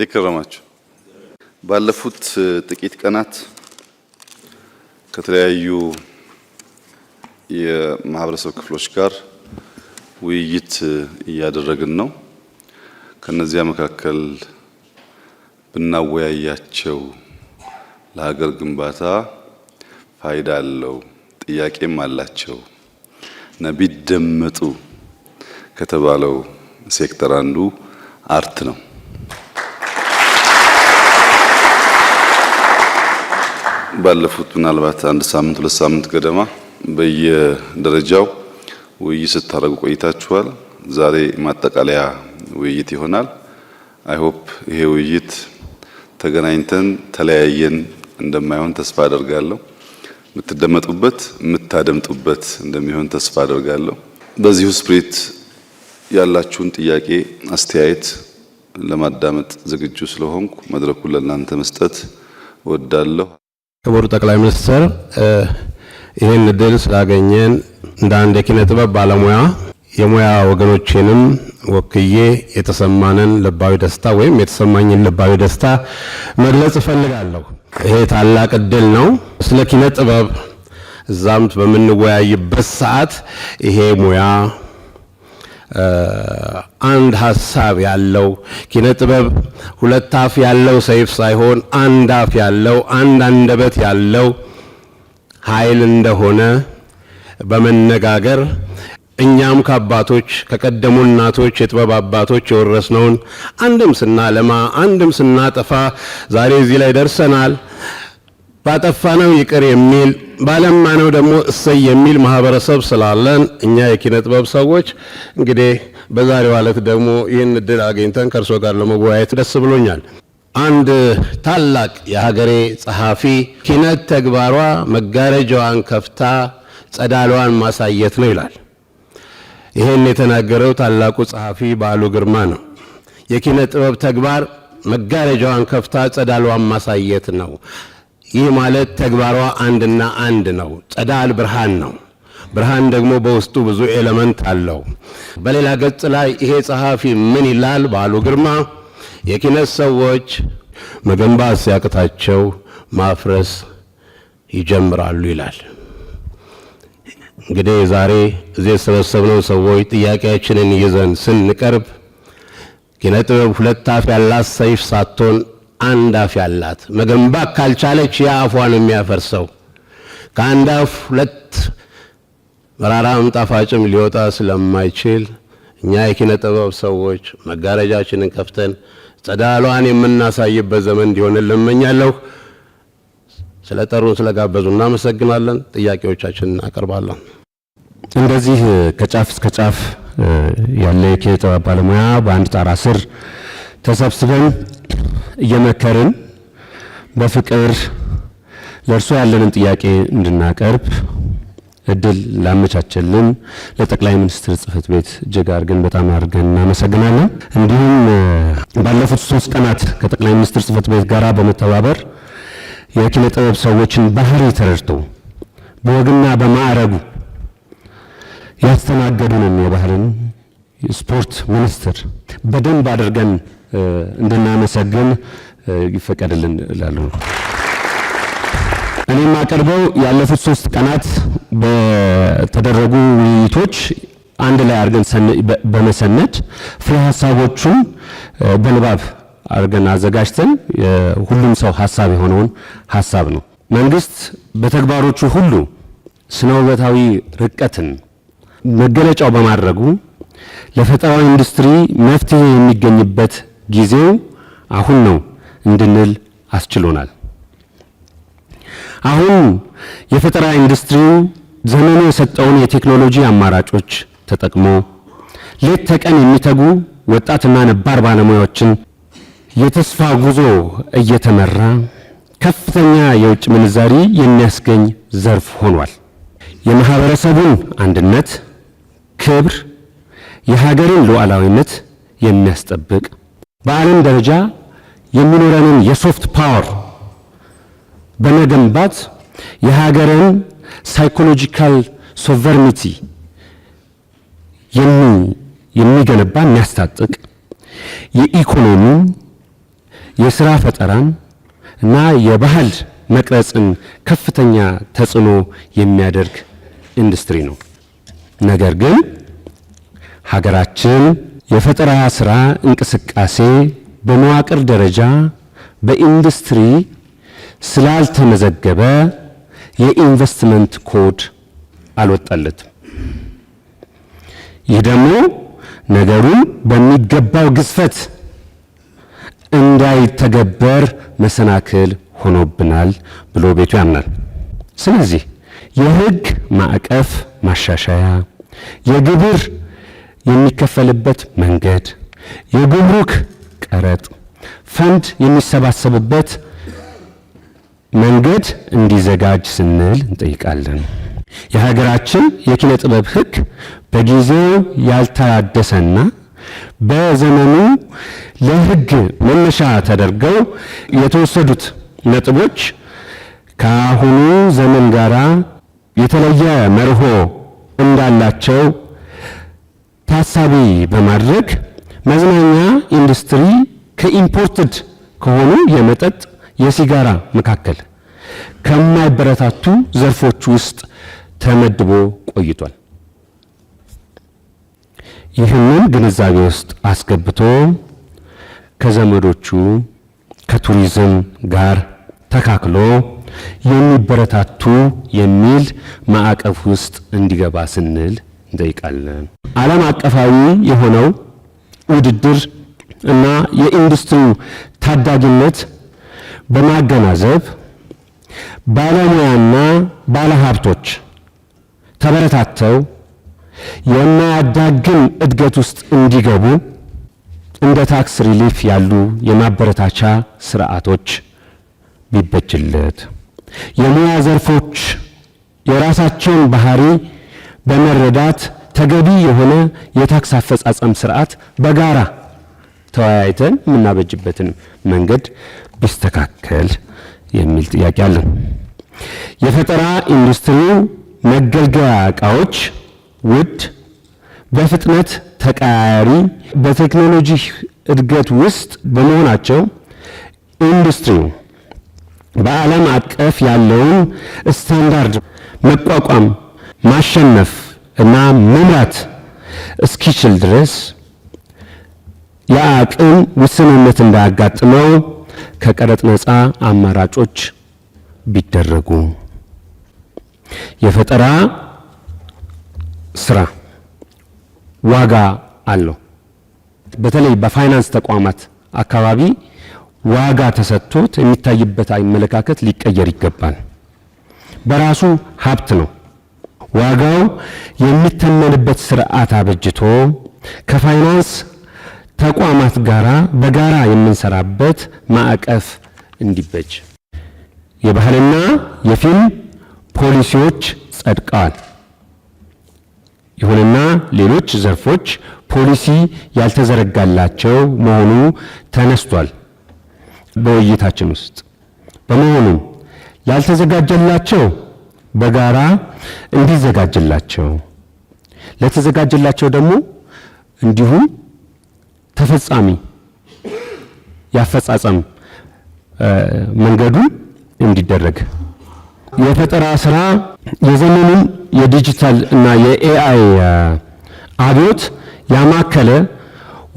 እንዴት ከረማችሁ? ባለፉት ጥቂት ቀናት ከተለያዩ የማህበረሰብ ክፍሎች ጋር ውይይት እያደረግን ነው። ከነዚያ መካከል ብናወያያቸው ለሀገር ግንባታ ፋይዳ አለው፣ ጥያቄም አላቸው እና ቢደመጡ ከተባለው ሴክተር አንዱ አርት ነው። ባለፉት ምናልባት አንድ ሳምንት ሁለት ሳምንት ገደማ በየደረጃው ውይይት ስታደርጉ ቆይታችኋል። ዛሬ ማጠቃለያ ውይይት ይሆናል። አይሆፕ ይሄ ውይይት ተገናኝተን ተለያየን እንደማይሆን ተስፋ አደርጋለሁ። የምትደመጡበት የምታደምጡበት እንደሚሆን ተስፋ አደርጋለሁ። በዚሁ ስፕሪት ያላችሁን ጥያቄ፣ አስተያየት ለማዳመጥ ዝግጁ ስለሆንኩ መድረኩን ለእናንተ መስጠት እወዳለሁ። ክቡር ጠቅላይ ሚኒስትር ይህን እድል ስላገኘን እንደ አንድ የኪነ ጥበብ ባለሙያ የሙያ ወገኖቼንም ወክዬ የተሰማንን ልባዊ ደስታ ወይም የተሰማኝን ልባዊ ደስታ መግለጽ እፈልጋለሁ። ይሄ ታላቅ እድል ነው። ስለ ኪነ ጥበብ እዛምት በምንወያይበት ሰዓት ይሄ ሙያ አንድ ሀሳብ ያለው ኪነ ጥበብ ሁለት አፍ ያለው ሰይፍ ሳይሆን አንድ አፍ ያለው አንድ አንደበት ያለው ኃይል እንደሆነ በመነጋገር እኛም ከአባቶች ከቀደሙ እናቶች የጥበብ አባቶች የወረስነውን አንድም ስናለማ አንድም ስናጠፋ ዛሬ እዚህ ላይ ደርሰናል። ባጠፋ ነው ይቅር የሚል ባለማ ነው ደግሞ እሰይ የሚል ማህበረሰብ ስላለን እኛ የኪነ ጥበብ ሰዎች እንግዲህ በዛሬው ዕለት ደግሞ ይህን እድል አግኝተን ከእርሶ ጋር ለመወያየት ደስ ብሎኛል። አንድ ታላቅ የሀገሬ ጸሐፊ ኪነት ተግባሯ መጋረጃዋን ከፍታ ጸዳሏን ማሳየት ነው ይላል። ይህን የተናገረው ታላቁ ጸሐፊ በዓሉ ግርማ ነው። የኪነ ጥበብ ተግባር መጋረጃዋን ከፍታ ጸዳሏን ማሳየት ነው። ይህ ማለት ተግባሯ አንድና አንድ ነው። ጸዳል ብርሃን ነው። ብርሃን ደግሞ በውስጡ ብዙ ኤለመንት አለው። በሌላ ገጽ ላይ ይሄ ጸሐፊ ምን ይላል? ባሉ ግርማ የኪነት ሰዎች መገንባት ሲያቅታቸው ማፍረስ ይጀምራሉ ይላል። እንግዲህ ዛሬ እዚህ የተሰበሰብነው ሰዎች ጥያቄያችንን ይዘን ስንቀርብ ኪነ ጥበብ ሁለት አፍ ያላት ሰይፍ ሳትሆን አንድ አፍ ያላት መገንባት ካልቻለች የአፏ ነው የሚያፈርሰው። ከአንድ አፍ ሁለት መራራም ጣፋጭም ሊወጣ ስለማይችል እኛ የኪነ ጥበብ ሰዎች መጋረጃችንን ከፍተን ጸዳሏን የምናሳይበት ዘመን እንዲሆን ልመኛለሁ። ስለ ጠሩን ስለጋበዙ እናመሰግናለን። ጥያቄዎቻችን እናቀርባለን። እንደዚህ ከጫፍ እስከ ጫፍ ያለ የኪነ ጥበብ ባለሙያ በአንድ ጣራ ስር ተሰብስበን እየመከርን በፍቅር ለእርሱ ያለንን ጥያቄ እንድናቀርብ እድል ላመቻችልን ለጠቅላይ ሚኒስትር ጽህፈት ቤት እጅግ አድርገን በጣም አድርገን እናመሰግናለን። እንዲሁም ባለፉት ሶስት ቀናት ከጠቅላይ ሚኒስትር ጽህፈት ቤት ጋር በመተባበር የኪነ ጥበብ ሰዎችን ባህሪ ተረድቶ በወግና በማዕረጉ ያስተናገዱንን የባህልን ስፖርት ሚኒስትር በደንብ አድርገን እንድናመሰግን ይፈቀድልን ላሉ እኔ የማቀርበው ያለፉት ሶስት ቀናት በተደረጉ ውይይቶች አንድ ላይ አድርገን በመሰነድ ፍሬ ሀሳቦቹን በንባብ አድርገን አዘጋጅተን ሁሉም ሰው ሀሳብ የሆነውን ሀሳብ ነው። መንግስት በተግባሮቹ ሁሉ ስነ ውበታዊ ርቀትን መገለጫው በማድረጉ ለፈጠራዊ ኢንዱስትሪ መፍትሄ የሚገኝበት ጊዜው አሁን ነው እንድንል አስችሎናል። አሁን የፈጠራ ኢንዱስትሪው ዘመኑ የሰጠውን የቴክኖሎጂ አማራጮች ተጠቅሞ ሌት ተቀን የሚተጉ ወጣትና ነባር ባለሙያዎችን የተስፋ ጉዞ እየተመራ ከፍተኛ የውጭ ምንዛሪ የሚያስገኝ ዘርፍ ሆኗል። የማህበረሰቡን አንድነት፣ ክብር፣ የሀገርን ሉዓላዊነት የሚያስጠብቅ በዓለም ደረጃ የሚኖረንን የሶፍት ፓወር በመገንባት የሀገርን ሳይኮሎጂካል ሶቨርኒቲ የሚገነባ የሚያስታጥቅ የኢኮኖሚን፣ የስራ ፈጠራን እና የባህል መቅረጽን ከፍተኛ ተጽዕኖ የሚያደርግ ኢንዱስትሪ ነው። ነገር ግን ሀገራችን የፈጠራ ስራ እንቅስቃሴ በመዋቅር ደረጃ በኢንዱስትሪ ስላልተመዘገበ የኢንቨስትመንት ኮድ አልወጣለትም። ይህ ደግሞ ነገሩን በሚገባው ግዝፈት እንዳይተገበር መሰናክል ሆኖብናል ብሎ ቤቱ ያምናል። ስለዚህ የህግ ማዕቀፍ ማሻሻያ፣ የግብር የሚከፈልበት መንገድ፣ የጉምሩክ ቀረጥ፣ ፈንድ የሚሰባሰብበት መንገድ እንዲዘጋጅ ስንል እንጠይቃለን። የሀገራችን የኪነ ጥበብ ሕግ በጊዜው ያልታደሰና በዘመኑ ለሕግ መነሻ ተደርገው የተወሰዱት ነጥቦች ከአሁኑ ዘመን ጋር የተለየ መርሆ እንዳላቸው ታሳቢ በማድረግ መዝናኛ ኢንዱስትሪ ከኢምፖርትድ ከሆኑ የመጠጥ የሲጋራ መካከል ከማይበረታቱ ዘርፎች ውስጥ ተመድቦ ቆይቷል። ይህንን ግንዛቤ ውስጥ አስገብቶ ከዘመዶቹ ከቱሪዝም ጋር ተካክሎ የሚበረታቱ የሚል ማዕቀፍ ውስጥ እንዲገባ ስንል እንጠይቃለን። ዓለም አቀፋዊ የሆነው ውድድር እና የኢንዱስትሪው ታዳጊነት በማገናዘብ ባለሙያና ባለሀብቶች ተበረታተው የማያዳግም እድገት ውስጥ እንዲገቡ እንደ ታክስ ሪሊፍ ያሉ የማበረታቻ ስርዓቶች ቢበጅለት የሙያ ዘርፎች የራሳቸውን ባህሪ በመረዳት ተገቢ የሆነ የታክስ አፈጻጸም ስርዓት በጋራ ተወያይተን የምናበጅበትን መንገድ ቢስተካከል የሚል ጥያቄ አለን። የፈጠራ ኢንዱስትሪው መገልገያ እቃዎች ውድ፣ በፍጥነት ተቀያያሪ፣ በቴክኖሎጂ እድገት ውስጥ በመሆናቸው ኢንዱስትሪው በዓለም አቀፍ ያለውን ስታንዳርድ መቋቋም ማሸነፍ እና መምራት እስኪችል ድረስ የአቅም ውስንነት እንዳያጋጥመው ከቀረጥ ነፃ አማራጮች ቢደረጉ፣ የፈጠራ ስራ ዋጋ አለው። በተለይ በፋይናንስ ተቋማት አካባቢ ዋጋ ተሰጥቶት የሚታይበት አመለካከት ሊቀየር ይገባል። በራሱ ሀብት ነው። ዋጋው የሚተመንበት ስርዓት አበጅቶ ከፋይናንስ ተቋማት ጋራ በጋራ የምንሰራበት ማዕቀፍ እንዲበጅ የባህልና የፊልም ፖሊሲዎች ጸድቀዋል። ይሁንና ሌሎች ዘርፎች ፖሊሲ ያልተዘረጋላቸው መሆኑ ተነስቷል በውይይታችን ውስጥ። በመሆኑም ላልተዘጋጀላቸው በጋራ እንዲዘጋጅላቸው ለተዘጋጀላቸው ደግሞ እንዲሁም ተፈጻሚ ያፈጻጸም መንገዱ እንዲደረግ የፈጠራ ስራ የዘመኑን የዲጂታል እና የኤአይ አብዮት ያማከለ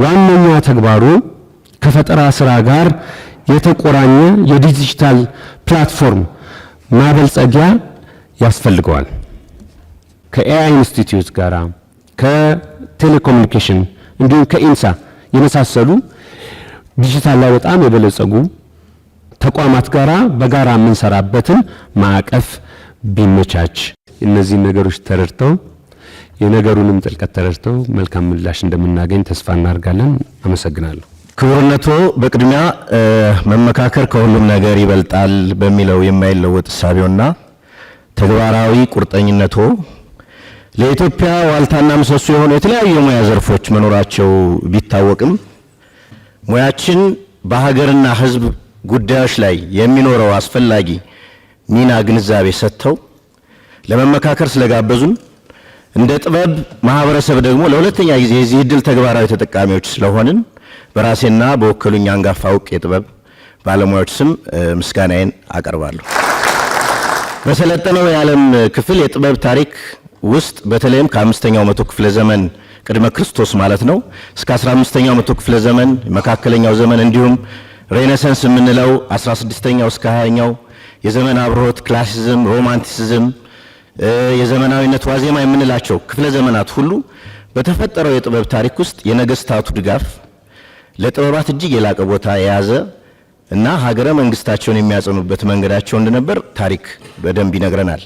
ዋነኛ ተግባሩ ከፈጠራ ስራ ጋር የተቆራኘ የዲጂታል ፕላትፎርም ማበልጸጊያ ያስፈልገዋል። ከኤአይ ኢንስቲትዩት ጋር ከቴሌኮሙኒኬሽን እንዲሁም ከኢንሳ የመሳሰሉ ዲጂታል ላይ በጣም የበለጸጉ ተቋማት ጋራ በጋራ የምንሰራበትን ማዕቀፍ ቢመቻች እነዚህ ነገሮች ተረድተው የነገሩንም ጥልቀት ተረድተው መልካም ምላሽ እንደምናገኝ ተስፋ እናደርጋለን። አመሰግናለሁ። ክቡርነቶ፣ በቅድሚያ መመካከር ከሁሉም ነገር ይበልጣል በሚለው የማይለወጥ እሳቤውና ተግባራዊ ቁርጠኝነቶ ለኢትዮጵያ ዋልታና ምሰሶ የሆኑ የተለያዩ የሙያ ዘርፎች መኖራቸው ቢታወቅም ሙያችን በሀገርና ሕዝብ ጉዳዮች ላይ የሚኖረው አስፈላጊ ሚና ግንዛቤ ሰጥተው ለመመካከር ስለጋበዙን እንደ ጥበብ ማህበረሰብ ደግሞ ለሁለተኛ ጊዜ የዚህ እድል ተግባራዊ ተጠቃሚዎች ስለሆንን በራሴና በወከሉኝ አንጋፋ እውቅ የጥበብ ባለሙያዎች ስም ምስጋናዬን አቀርባለሁ። በሰለጠነው የዓለም ክፍል የጥበብ ታሪክ ውስጥ በተለይም ከአምስተኛው መቶ ክፍለ ዘመን ቅድመ ክርስቶስ ማለት ነው እስከ 15ኛው መቶ ክፍለ ዘመን መካከለኛው ዘመን እንዲሁም ሬኔሰንስ የምንለው 16ኛው እስከ 20ኛው የዘመን አብሮት ክላሲዝም፣ ሮማንቲሲዝም፣ የዘመናዊነት ዋዜማ የምንላቸው ክፍለ ዘመናት ሁሉ በተፈጠረው የጥበብ ታሪክ ውስጥ የነገስታቱ ድጋፍ ለጥበባት እጅግ የላቀ ቦታ የያዘ እና ሀገረ መንግስታቸውን የሚያጸኑበት መንገዳቸው እንደነበር ታሪክ በደንብ ይነግረናል።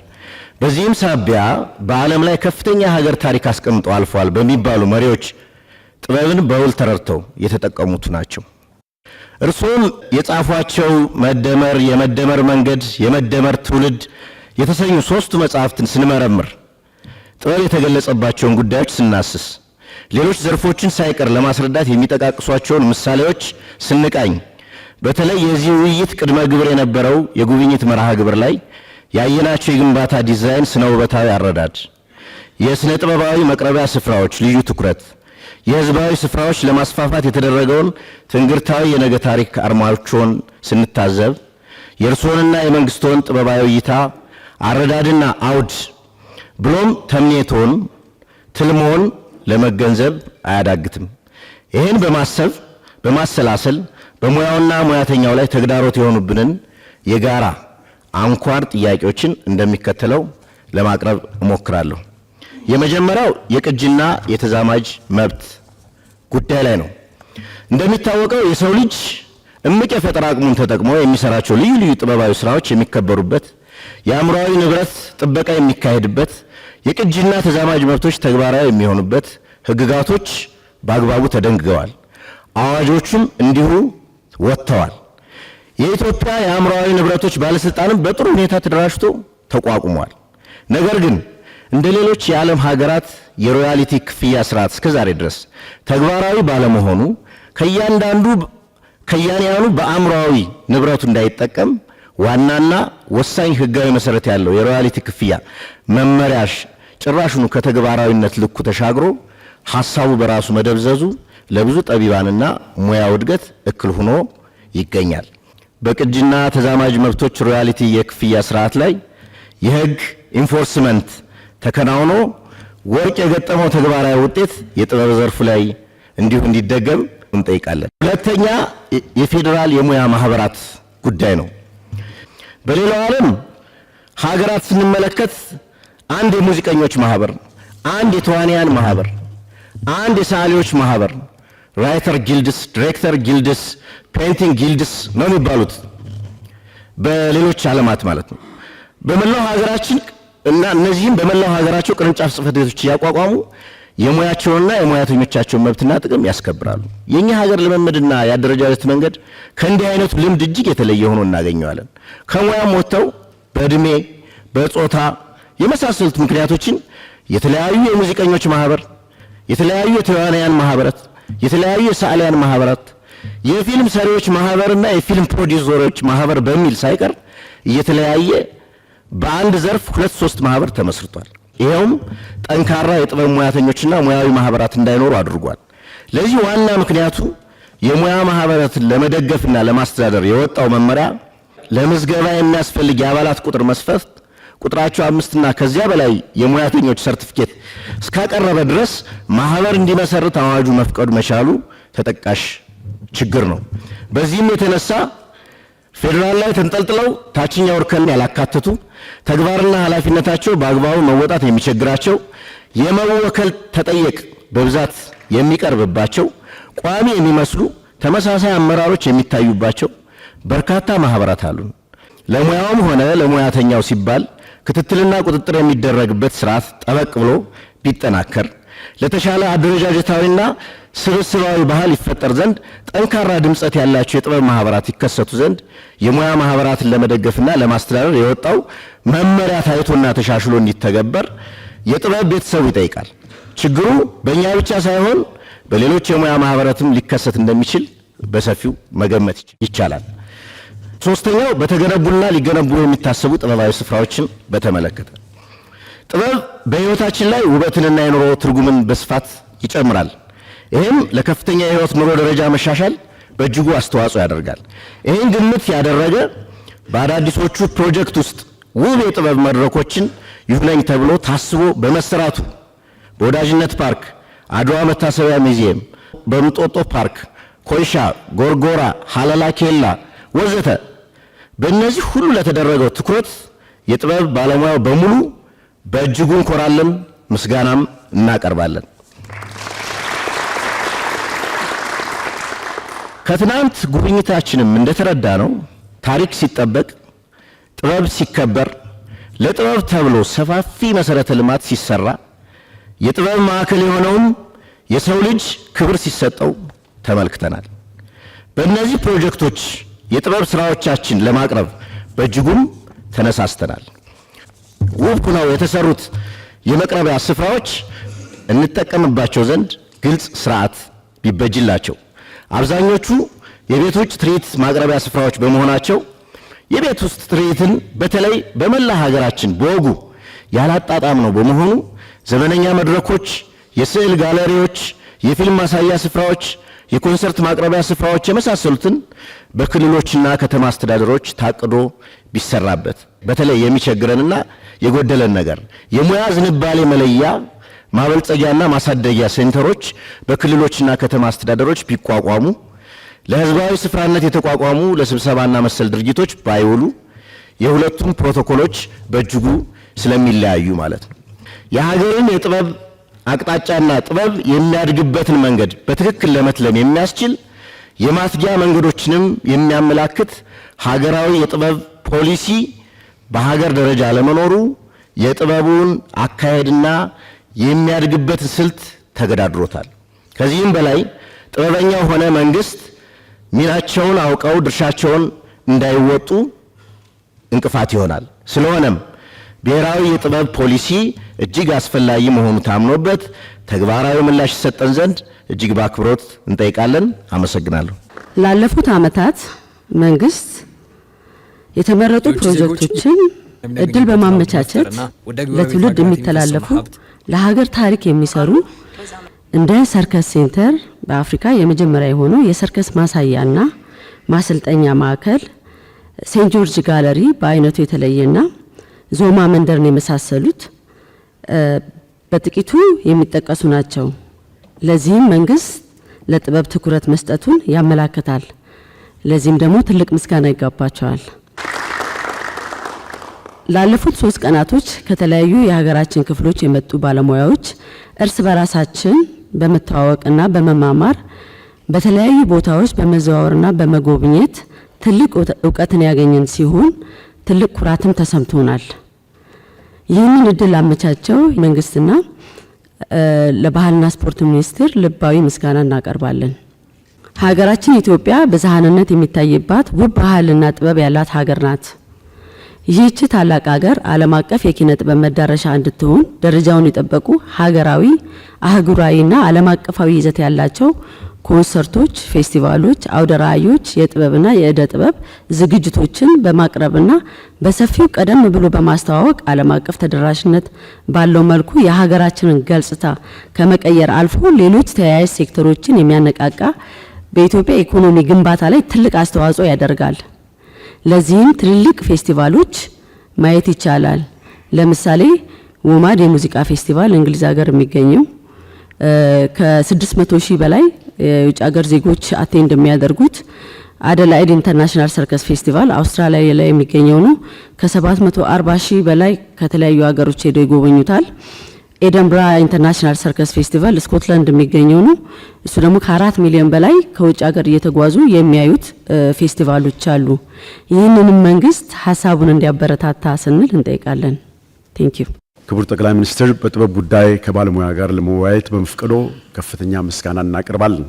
በዚህም ሳቢያ በዓለም ላይ ከፍተኛ ሀገር ታሪክ አስቀምጦ አልፏል በሚባሉ መሪዎች ጥበብን በውል ተረድተው የተጠቀሙት ናቸው። እርሱም የጻፏቸው መደመር፣ የመደመር መንገድ፣ የመደመር ትውልድ የተሰኙ ሶስቱ መጽሐፍትን ስንመረምር ጥበብ የተገለጸባቸውን ጉዳዮች ስናስስ ሌሎች ዘርፎችን ሳይቀር ለማስረዳት የሚጠቃቅሷቸውን ምሳሌዎች ስንቃኝ በተለይ የዚህ ውይይት ቅድመ ግብር የነበረው የጉብኝት መርሃ ግብር ላይ ያየናቸው የግንባታ ዲዛይን ስነ ውበታዊ አረዳድ፣ የሥነ ጥበባዊ መቅረቢያ ስፍራዎች ልዩ ትኩረት፣ የህዝባዊ ስፍራዎች ለማስፋፋት የተደረገውን ትንግርታዊ የነገ ታሪክ አርማዎችን ስንታዘብ የእርስዎንና የመንግስቶን ጥበባዊ እይታ አረዳድና አውድ ብሎም ተምኔቶን ትልሞን ለመገንዘብ አያዳግትም። ይህን በማሰብ በማሰላሰል በሙያውና ሙያተኛው ላይ ተግዳሮት የሆኑብንን የጋራ አንኳር ጥያቄዎችን እንደሚከተለው ለማቅረብ እሞክራለሁ። የመጀመሪያው የቅጂና የተዛማጅ መብት ጉዳይ ላይ ነው። እንደሚታወቀው የሰው ልጅ እምቅ የፈጠራ አቅሙን ተጠቅሞ የሚሰራቸው ልዩ ልዩ ጥበባዊ ስራዎች የሚከበሩበት፣ የአእምሯዊ ንብረት ጥበቃ የሚካሄድበት፣ የቅጂና ተዛማጅ መብቶች ተግባራዊ የሚሆኑበት ህግጋቶች በአግባቡ ተደንግገዋል። አዋጆቹም እንዲሁ ወጥተዋል። የኢትዮጵያ የአእምሯዊ ንብረቶች ባለሥልጣንም በጥሩ ሁኔታ ተደራጅቶ ተቋቁሟል። ነገር ግን እንደ ሌሎች የዓለም ሀገራት የሮያሊቲ ክፍያ ስርዓት እስከ ዛሬ ድረስ ተግባራዊ ባለመሆኑ ከእያንዳንዱ ከያንያኑ በአእምሯዊ ንብረቱ እንዳይጠቀም ዋናና ወሳኝ ሕጋዊ መሰረት ያለው የሮያሊቲ ክፍያ መመሪያሽ ጭራሹኑ ከተግባራዊነት ልኩ ተሻግሮ ሀሳቡ በራሱ መደብዘዙ ለብዙ ጠቢባንና ሙያ እድገት እክል ሆኖ ይገኛል። በቅጂና ተዛማጅ መብቶች ሮያሊቲ የክፍያ ስርዓት ላይ የህግ ኢንፎርስመንት ተከናውኖ ወርቅ የገጠመው ተግባራዊ ውጤት የጥበብ ዘርፉ ላይ እንዲሁ እንዲደገም እንጠይቃለን። ሁለተኛ የፌዴራል የሙያ ማህበራት ጉዳይ ነው። በሌላው ዓለም ሀገራት ስንመለከት አንድ የሙዚቀኞች ማህበር፣ አንድ የተዋንያን ማህበር፣ አንድ የሰዓሊዎች ማህበር ራይተር ጊልድስ፣ ዲሬክተር ጊልድስ፣ ፔንቲንግ ጊልድስ ነው የሚባሉት በሌሎች ዓለማት ማለት ነው። በመላው ሀገራችን እና እነዚህም በመላው ሀገራቸው ቅርንጫፍ ጽህፈት ቤቶች እያቋቋሙ የሙያቸውንና የሙያተኞቻቸውን መብትና ጥቅም ያስከብራሉ። የእኛ ሀገር ልምምድና የአደረጃጀት መንገድ ከእንዲህ አይነቱ ልምድ እጅግ የተለየ ሆኖ እናገኘዋለን። ከሙያም ወጥተው በእድሜ በጾታ የመሳሰሉት ምክንያቶችን የተለያዩ የሙዚቀኞች ማህበር፣ የተለያዩ የተዋናያን ማህበረት የተለያዩ የሰዓሊያን ማህበራት፣ የፊልም ሰሪዎች ማህበርና የፊልም ፕሮዲውሰሮች ማህበር በሚል ሳይቀር እየተለያየ በአንድ ዘርፍ ሁለት ሶስት ማህበር ተመስርቷል። ይኸውም ጠንካራ የጥበብ ሙያተኞችና ሙያዊ ማህበራት እንዳይኖሩ አድርጓል። ለዚህ ዋና ምክንያቱ የሙያ ማህበራትን ለመደገፍና ለማስተዳደር የወጣው መመሪያ ለምዝገባ የሚያስፈልግ የአባላት ቁጥር መስፈት። ቁጥራቸው አምስትና ከዚያ በላይ የሙያተኞች ሰርቲፊኬት እስካቀረበ ድረስ ማህበር እንዲመሰርት አዋጁ መፍቀዱ መቻሉ ተጠቃሽ ችግር ነው። በዚህም የተነሳ ፌዴራል ላይ ተንጠልጥለው ታችኛው እርከን ያላካተቱ ተግባርና ኃላፊነታቸው በአግባቡ መወጣት የሚቸግራቸው የመወከል ተጠየቅ በብዛት የሚቀርብባቸው ቋሚ የሚመስሉ ተመሳሳይ አመራሮች የሚታዩባቸው በርካታ ማህበራት አሉ። ለሙያውም ሆነ ለሙያተኛው ሲባል ክትትልና ቁጥጥር የሚደረግበት ስርዓት ጠበቅ ብሎ ቢጠናከር ለተሻለ አደረጃጀታዊና ስብስባዊ ባህል ይፈጠር ዘንድ ጠንካራ ድምፀት ያላቸው የጥበብ ማህበራት ይከሰቱ ዘንድ የሙያ ማህበራትን ለመደገፍና ለማስተዳደር የወጣው መመሪያ ታይቶና ተሻሽሎ እንዲተገበር የጥበብ ቤተሰቡ ይጠይቃል። ችግሩ በእኛ ብቻ ሳይሆን በሌሎች የሙያ ማህበራትም ሊከሰት እንደሚችል በሰፊው መገመት ይቻላል። ሶስተኛው በተገነቡና ሊገነቡ የሚታሰቡ ጥበባዊ ስፍራዎችን በተመለከተ ጥበብ በህይወታችን ላይ ውበትንና የኑሮ ትርጉምን በስፋት ይጨምራል። ይህም ለከፍተኛ የህይወት ኑሮ ደረጃ መሻሻል በእጅጉ አስተዋጽኦ ያደርጋል። ይህን ግምት ያደረገ በአዳዲሶቹ ፕሮጀክት ውስጥ ውብ የጥበብ መድረኮችን ይሁነኝ ተብሎ ታስቦ በመሰራቱ በወዳጅነት ፓርክ፣ አድዋ መታሰቢያ ሙዚየም፣ በምጦጦ ፓርክ፣ ኮይሻ፣ ጎርጎራ፣ ሀለላ ኬላ ወዘተ በእነዚህ ሁሉ ለተደረገው ትኩረት የጥበብ ባለሙያው በሙሉ በእጅጉ እንኮራለን፣ ምስጋናም እናቀርባለን። ከትናንት ጉብኝታችንም እንደተረዳ ነው ታሪክ ሲጠበቅ፣ ጥበብ ሲከበር፣ ለጥበብ ተብሎ ሰፋፊ መሰረተ ልማት ሲሰራ፣ የጥበብ ማዕከል የሆነውም የሰው ልጅ ክብር ሲሰጠው ተመልክተናል። በእነዚህ ፕሮጀክቶች የጥበብ ስራዎቻችን ለማቅረብ በእጅጉም ተነሳስተናል። ውብ ሆነው የተሰሩት የመቅረቢያ ስፍራዎች እንጠቀምባቸው ዘንድ ግልጽ ስርዓት ቢበጅላቸው፣ አብዛኞቹ የቤት ውጭ ትርኢት ማቅረቢያ ስፍራዎች በመሆናቸው የቤት ውስጥ ትርኢትን በተለይ በመላ ሀገራችን በወጉ ያላጣጣም ነው በመሆኑ ዘመነኛ መድረኮች፣ የስዕል ጋለሪዎች፣ የፊልም ማሳያ ስፍራዎች፣ የኮንሰርት ማቅረቢያ ስፍራዎች የመሳሰሉትን በክልሎችና ከተማ አስተዳደሮች ታቅዶ ቢሰራበት በተለይ የሚቸግረንና የጎደለን ነገር የሙያ ዝንባሌ መለያ ማበልጸጊያና ማሳደጊያ ሴንተሮች በክልሎችና ከተማ አስተዳደሮች ቢቋቋሙ ለህዝባዊ ስፍራነት የተቋቋሙ ለስብሰባና መሰል ድርጊቶች ባይውሉ የሁለቱም ፕሮቶኮሎች በእጅጉ ስለሚለያዩ ማለት ነው። የሀገርን የጥበብ አቅጣጫና ጥበብ የሚያድግበትን መንገድ በትክክል ለመትለም የሚያስችል የማትጊያ መንገዶችንም የሚያመላክት ሀገራዊ የጥበብ ፖሊሲ በሀገር ደረጃ ለመኖሩ የጥበቡን አካሄድና የሚያድግበትን ስልት ተገዳድሮታል። ከዚህም በላይ ጥበበኛ ሆነ መንግስት ሚናቸውን አውቀው ድርሻቸውን እንዳይወጡ እንቅፋት ይሆናል። ስለሆነም ብሔራዊ የጥበብ ፖሊሲ እጅግ አስፈላጊ መሆኑ ታምኖበት ተግባራዊ ምላሽ ይሰጠን ዘንድ እጅግ በአክብሮት እንጠይቃለን። አመሰግናለሁ። ላለፉት ዓመታት መንግስት የተመረጡ ፕሮጀክቶችን እድል በማመቻቸት ለትውልድ የሚተላለፉ ለሀገር ታሪክ የሚሰሩ እንደ ሰርከስ ሴንተር በአፍሪካ የመጀመሪያ የሆነው የሰርከስ ማሳያና ማሰልጠኛ ማዕከል፣ ሴንት ጆርጅ ጋለሪ በአይነቱ የተለየና ዞማ መንደርን የመሳሰሉት በጥቂቱ የሚጠቀሱ ናቸው። ለዚህም መንግስት ለጥበብ ትኩረት መስጠቱን ያመላክታል። ለዚህም ደግሞ ትልቅ ምስጋና ይገባቸዋል። ላለፉት ሶስት ቀናቶች ከተለያዩ የሀገራችን ክፍሎች የመጡ ባለሙያዎች እርስ በራሳችን በመተዋወቅና በመማማር በተለያዩ ቦታዎች በመዘዋወርና በመጎብኘት ትልቅ እውቀትን ያገኘን ሲሆን ትልቅ ኩራትም ተሰምቶናል። ይህንን እድል አመቻቸው መንግስትና ለባህልና ስፖርት ሚኒስቴር ልባዊ ምስጋና እናቀርባለን። ሀገራችን ኢትዮጵያ ብዝሃንነት የሚታይባት ውብ ባህልና ጥበብ ያላት ሀገር ናት። ይህች ታላቅ ሀገር ዓለም አቀፍ የኪነ ጥበብ መዳረሻ እንድትሆን ደረጃውን የጠበቁ ሀገራዊ፣ አህጉራዊና ዓለም አቀፋዊ ይዘት ያላቸው ኮንሰርቶች፣ ፌስቲቫሎች፣ አውደራዮች፣ የጥበብና የእደ ጥበብ ዝግጅቶችን በማቅረብና በሰፊው ቀደም ብሎ በማስተዋወቅ ዓለም አቀፍ ተደራሽነት ባለው መልኩ የሀገራችንን ገጽታ ከመቀየር አልፎ ሌሎች ተያያዥ ሴክተሮችን የሚያነቃቃ በኢትዮጵያ ኢኮኖሚ ግንባታ ላይ ትልቅ አስተዋጽኦ ያደርጋል። ለዚህም ትልልቅ ፌስቲቫሎች ማየት ይቻላል። ለምሳሌ ወማድ የሙዚቃ ፌስቲቫል እንግሊዝ ሀገር የሚገኘው ከ600 ሺህ በላይ የውጭ ሀገር ዜጎች አቴንድ የሚያደርጉት አደላይድ ኢንተርናሽናል ሰርከስ ፌስቲቫል አውስትራሊያ ላይ የሚገኘው ነው። ከ740 ሺህ በላይ ከተለያዩ ሀገሮች ሄደው ይጎበኙታል። ኤደንብራ ኢንተርናሽናል ሰርከስ ፌስቲቫል ስኮትላንድ የሚገኘው ነው። እሱ ደግሞ ከአራት ሚሊዮን በላይ ከውጭ ሀገር እየተጓዙ የሚያዩት ፌስቲቫሎች አሉ። ይህንንም መንግስት ሀሳቡን እንዲያበረታታ ስንል እንጠይቃለን። ቴንክ ዩ ክቡር ጠቅላይ ሚኒስትር በጥበብ ጉዳይ ከባለሙያ ጋር ለመወያየት በመፍቀዶ ከፍተኛ ምስጋና እናቀርባለን።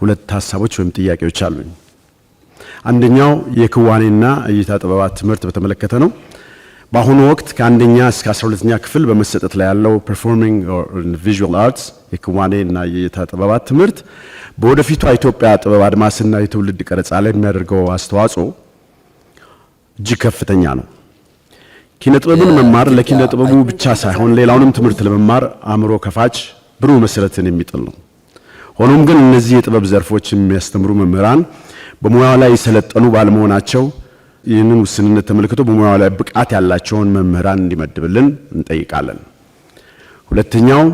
ሁለት ሀሳቦች ወይም ጥያቄዎች አሉኝ። አንደኛው የክዋኔና እይታ ጥበባት ትምህርት በተመለከተ ነው። በአሁኑ ወቅት ከአንደኛ እስከ 12ኛ ክፍል በመሰጠት ላይ ያለው ፐርፎርሚንግ ቪዥዋል አርትስ የክዋኔ እና የእይታ ጥበባት ትምህርት በወደፊቷ ኢትዮጵያ ጥበብ አድማስና የትውልድ ቀረጻ ላይ የሚያደርገው አስተዋጽኦ እጅግ ከፍተኛ ነው። ኪነ ጥበብን መማር ለኪነ ጥበቡ ብቻ ሳይሆን ሌላውንም ትምህርት ለመማር አእምሮ ከፋጭ ብሩ መሰረትን የሚጥል ነው። ሆኖም ግን እነዚህ የጥበብ ዘርፎች የሚያስተምሩ መምህራን በሙያው ላይ የሰለጠኑ ባለመሆናቸው ይህንን ውስንነት ተመልክቶ በሙያው ላይ ብቃት ያላቸውን መምህራን እንዲመድብልን እንጠይቃለን። ሁለተኛው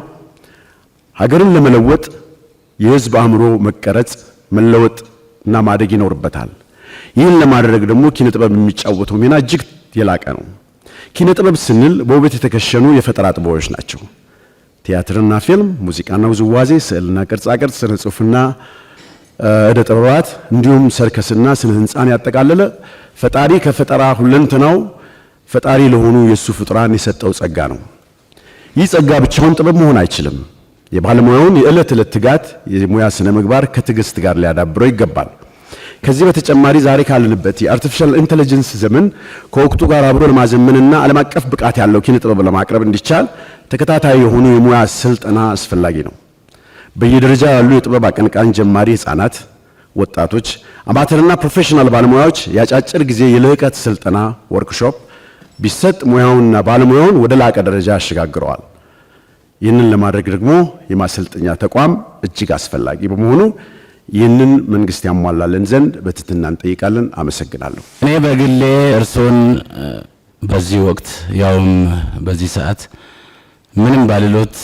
ሀገርን ለመለወጥ የህዝብ አእምሮ መቀረጽ መለወጥ እና ማደግ ይኖርበታል። ይህን ለማድረግ ደግሞ ኪነ ጥበብ የሚጫወተው ሚና እጅግ የላቀ ነው። ኪነ ጥበብ ስንል በውበት የተከሸኑ የፈጠራ ጥበቦች ናቸው። ቲያትርና ፊልም፣ ሙዚቃና ውዝዋዜ፣ ስዕልና ቅርጻቅርጽ፣ ስነ ጽሁፍና እደ ጥበባት እንዲሁም ሰርከስና ስነ ህንፃን ያጠቃለለ ፈጣሪ ከፈጠራ ሁለንተናው ፈጣሪ ለሆኑ የእሱ ፍጡራን የሰጠው ጸጋ ነው። ይህ ጸጋ ብቻውን ጥበብ መሆን አይችልም። የባለሙያውን የዕለት ዕለት ትጋት የሙያ ስነ ምግባር ከትዕግስት ጋር ሊያዳብረው ይገባል። ከዚህ በተጨማሪ ዛሬ ካለንበት የአርቲፊሻል ኢንተለጀንስ ዘመን ከወቅቱ ጋር አብሮ ለማዘመንና ዓለም አቀፍ ብቃት ያለው ኪነ ጥበብ ለማቅረብ እንዲቻል ተከታታይ የሆኑ የሙያ ስልጠና አስፈላጊ ነው። በየደረጃ ያሉ የጥበብ አቀንቃኝ ጀማሪ ህጻናት፣ ወጣቶች፣ አማተርና ፕሮፌሽናል ባለሙያዎች የአጫጭር ጊዜ የልህቀት ስልጠና ወርክሾፕ ቢሰጥ ሙያውንና ባለሙያውን ወደ ላቀ ደረጃ ያሸጋግረዋል። ይህንን ለማድረግ ደግሞ የማሰልጠኛ ተቋም እጅግ አስፈላጊ በመሆኑ ይህንን መንግስት ያሟላለን ዘንድ በትትና እንጠይቃለን። አመሰግናለሁ። እኔ በግሌ እርስዎን በዚህ ወቅት ያውም በዚህ ሰዓት ምንም ባልሎት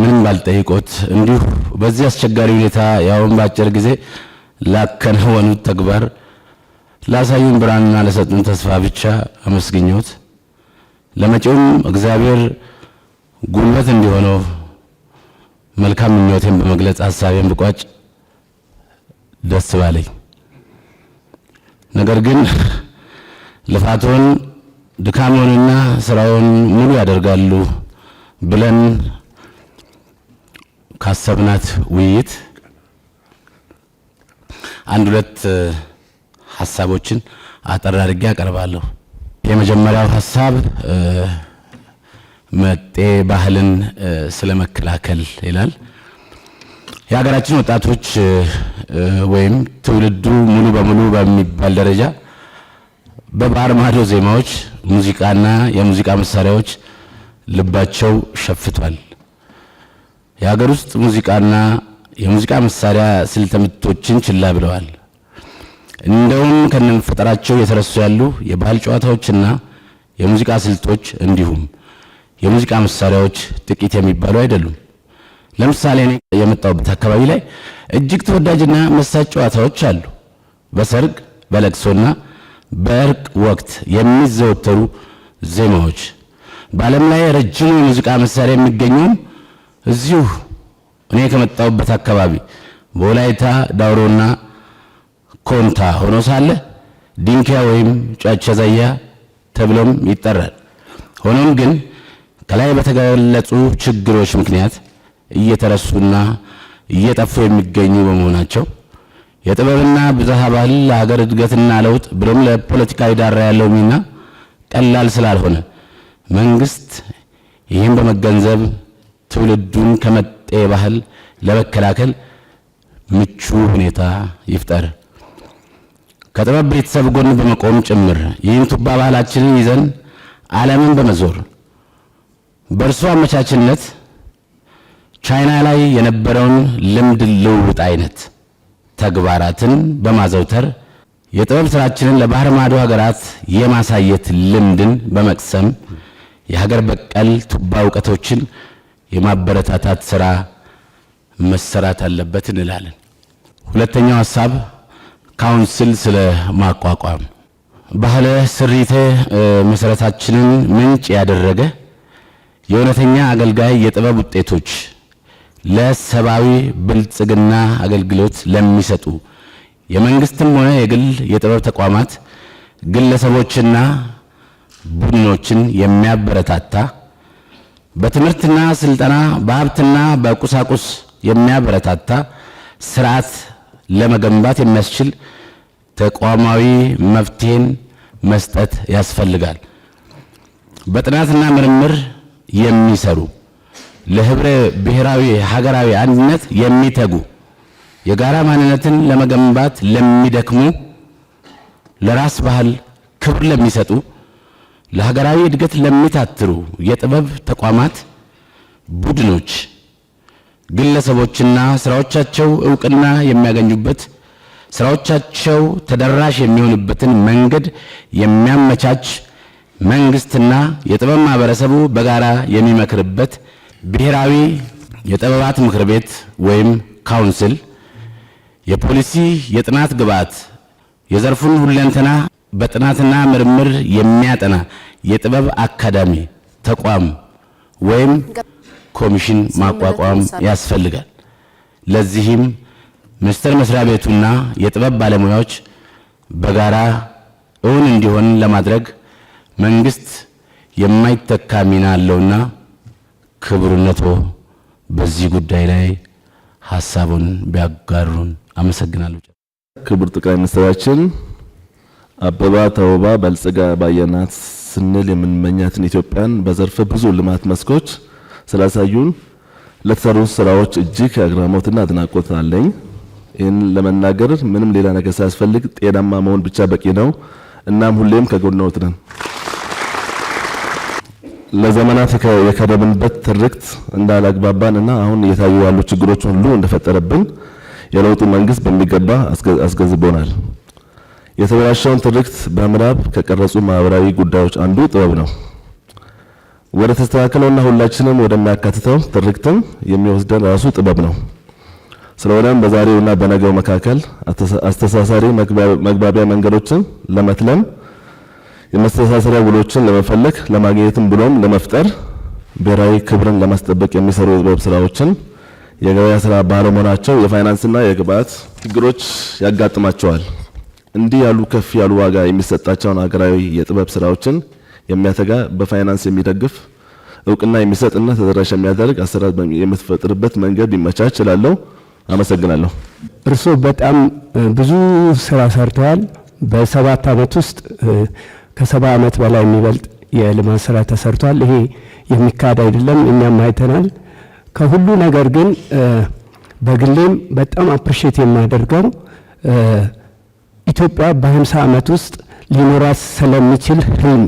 ምንም ባልጠይቆት እንዲሁ በዚህ አስቸጋሪ ሁኔታ ያውም በአጭር ጊዜ ላከናወኑት ተግባር ላሳዩን ብርሃንና ለሰጡን ተስፋ ብቻ አመስግኘዎት ለመጪውም እግዚአብሔር ጉልበት እንዲሆነው መልካም ምኞቴን በመግለጽ ሀሳቤን ብቋጭ ደስ ባለኝ። ነገር ግን ልፋቱን ድካሙንና ስራውን ሙሉ ያደርጋሉ ብለን ካሰብናት ውይይት አንድ ሁለት ሀሳቦችን አጠር አድርጌ አቀርባለሁ። የመጀመሪያው ሀሳብ መጤ ባህልን ስለመከላከል ይላል። የሀገራችን ወጣቶች ወይም ትውልዱ ሙሉ በሙሉ በሚባል ደረጃ በባህር ማዶ ዜማዎች ሙዚቃና የሙዚቃ መሳሪያዎች ልባቸው ሸፍቷል። የሀገር ውስጥ ሙዚቃና የሙዚቃ መሳሪያ ስልተ ምቶችን ችላ ብለዋል። እንደውም ከነመፈጠራቸው የተረሱ ያሉ የባህል ጨዋታዎችና የሙዚቃ ስልቶች እንዲሁም የሙዚቃ መሳሪያዎች ጥቂት የሚባሉ አይደሉም። ለምሳሌ እኔ የመጣሁበት አካባቢ ላይ እጅግ ተወዳጅና መሳጭ ጨዋታዎች አሉ። በሰርግ በለቅሶና በእርቅ ወቅት የሚዘወተሩ ዜማዎች። በዓለም ላይ ረጅም የሙዚቃ መሳሪያ የሚገኘውም እዚሁ እኔ ከመጣሁበት አካባቢ በወላይታ ዳውሮና ኮንታ ሆኖ ሳለ ዲንኪያ ወይም ጫቻ ዘያ ተብሎም ይጠራል። ሆኖም ግን ከላይ በተገለጹ ችግሮች ምክንያት እየተረሱና እየጠፉ የሚገኙ በመሆናቸው የጥበብና ብዝሃ ባህል ለሀገር እድገትና ለውጥ ብሎም ለፖለቲካዊ ዳራ ያለው ሚና ቀላል ስላልሆነ መንግስት ይህም በመገንዘብ ትውልዱን ከመጤ ባህል ለመከላከል ምቹ ሁኔታ ይፍጠር፣ ከጥበብ ቤተሰብ ጎን በመቆም ጭምር ይህን ቱባ ባህላችንን ይዘን ዓለምን በመዞር በእርሱ አመቻችነት ቻይና ላይ የነበረውን ልምድ ልውውጥ አይነት ተግባራትን በማዘውተር የጥበብ ስራችንን ለባህር ማዶ ሀገራት የማሳየት ልምድን በመቅሰም የሀገር በቀል ቱባ እውቀቶችን የማበረታታት ስራ መሰራት አለበት እንላለን። ሁለተኛው ሀሳብ ካውንስል ስለ ማቋቋም ባህለ ስሪተ መሰረታችንን ምንጭ ያደረገ የእውነተኛ አገልጋይ የጥበብ ውጤቶች ለሰብአዊ ብልጽግና አገልግሎት ለሚሰጡ የመንግስትም ሆነ የግል የጥበብ ተቋማት ግለሰቦችና ቡድኖችን የሚያበረታታ በትምህርትና ስልጠና በሀብትና በቁሳቁስ የሚያበረታታ ስርዓት ለመገንባት የሚያስችል ተቋማዊ መፍትሄን መስጠት ያስፈልጋል። በጥናትና ምርምር የሚሰሩ ለህብረ ብሔራዊ ሀገራዊ አንድነት የሚተጉ የጋራ ማንነትን ለመገንባት ለሚደክሙ ለራስ ባህል ክብር ለሚሰጡ ለሀገራዊ እድገት ለሚታትሩ የጥበብ ተቋማት፣ ቡድኖች፣ ግለሰቦችና ስራዎቻቸው እውቅና የሚያገኙበት ስራዎቻቸው ተደራሽ የሚሆኑበትን መንገድ የሚያመቻች መንግስትና የጥበብ ማህበረሰቡ በጋራ የሚመክርበት ብሔራዊ የጥበባት ምክር ቤት ወይም ካውንስል የፖሊሲ የጥናት ግብዓት የዘርፉን ሁለንተና በጥናትና ምርምር የሚያጠና የጥበብ አካዳሚ ተቋም ወይም ኮሚሽን ማቋቋም ያስፈልጋል። ለዚህም ሚኒስቴር መስሪያ ቤቱና የጥበብ ባለሙያዎች በጋራ እውን እንዲሆን ለማድረግ መንግስት የማይተካ ሚና አለውና ክቡርነቶ በዚህ ጉዳይ ላይ ሀሳቡን ቢያጋሩን አመሰግናለሁ። ክቡር ጠቅላይ ሚኒስትራችን አበባ ተውባ በልጽጋ ባየናት ስንል የምንመኛትን ኢትዮጵያን በዘርፈ ብዙ ልማት መስኮች ስላሳዩን ለተሰሩ ስራዎች እጅግ አግራሞትና አድናቆት አለኝ። ይህን ለመናገር ምንም ሌላ ነገር ሳያስፈልግ ጤናማ መሆን ብቻ በቂ ነው። እናም ሁሌም ከጎንዎት ነን። ለዘመናት የከረምንበት ትርክት እንዳላግባባን እና አሁን እየታዩ ያሉ ችግሮች ሁሉ እንደፈጠረብን የለውጡ መንግስት በሚገባ አስገንዝቦናል። የተበላሸውን ትርክት በምናብ ከቀረጹ ማህበራዊ ጉዳዮች አንዱ ጥበብ ነው። ወደ ተስተካከለውና ሁላችንም ወደሚያካትተው ትርክትም የሚወስደን ራሱ ጥበብ ነው። ስለሆነም በዛሬውና በነገው መካከል አስተሳሳሪ መግባቢያ መንገዶችን ለመትለም የመስተሳሰሪያ ውሎችን ለመፈለግ ለማግኘትም ብሎም ለመፍጠር ብሔራዊ ክብርን ለማስጠበቅ የሚሰሩ የጥበብ ስራዎችን የገበያ ስራ ባለመሆናቸው የፋይናንስና የግብዓት ችግሮች ያጋጥማቸዋል። እንዲህ ያሉ ከፍ ያሉ ዋጋ የሚሰጣቸውን ሀገራዊ የጥበብ ስራዎችን የሚያተጋ በፋይናንስ የሚደግፍ እውቅና የሚሰጥና ተደራሽ የሚያደርግ አሰራር የምትፈጥርበት መንገድ ሊመቻች እላለሁ። አመሰግናለሁ። እርስዎ በጣም ብዙ ስራ ሰርተዋል። በሰባት ዓመት ውስጥ ከሰባ ዓመት በላይ የሚበልጥ የልማት ስራ ተሰርቷል። ይሄ የሚካድ አይደለም፣ እኛም አይተናል። ከሁሉ ነገር ግን በግሌም በጣም አፕሪሼት የማደርገው ኢትዮጵያ በ50 ዓመት ውስጥ ሊኖራት ስለሚችል ህልም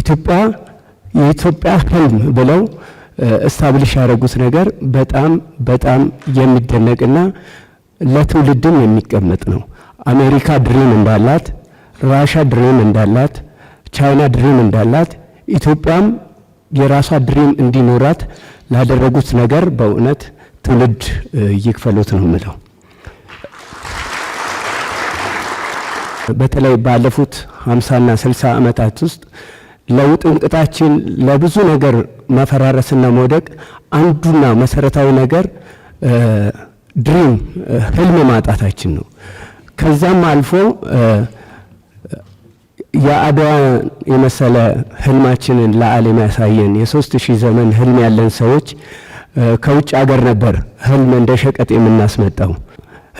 ኢትዮጵያ የኢትዮጵያ ህልም ብለው እስታብሊሽ ያደረጉት ነገር በጣም በጣም የሚደነቅና ለትውልድም የሚቀመጥ ነው። አሜሪካ ድሪም እንዳላት ራሻ ድሪም እንዳላት ቻይና ድሪም እንዳላት ኢትዮጵያም የራሷ ድሪም እንዲኖራት ላደረጉት ነገር በእውነት ትውልድ እይክፈሉት ነው የምለው። በተለይ ባለፉት 50ና 60 ዓመታት ውስጥ ለውጥንቅጣችን ለብዙ ነገር መፈራረስና መውደቅ አንዱና መሰረታዊ ነገር ድሪም ህልም ማጣታችን ነው። ከዛም አልፎ የአድዋ የመሰለ ህልማችንን ለዓለም ያሳየን የሶስት ሺህ ዘመን ህልም ያለን ሰዎች ከውጭ አገር ነበር ህልም እንደ ሸቀጥ የምናስመጣው።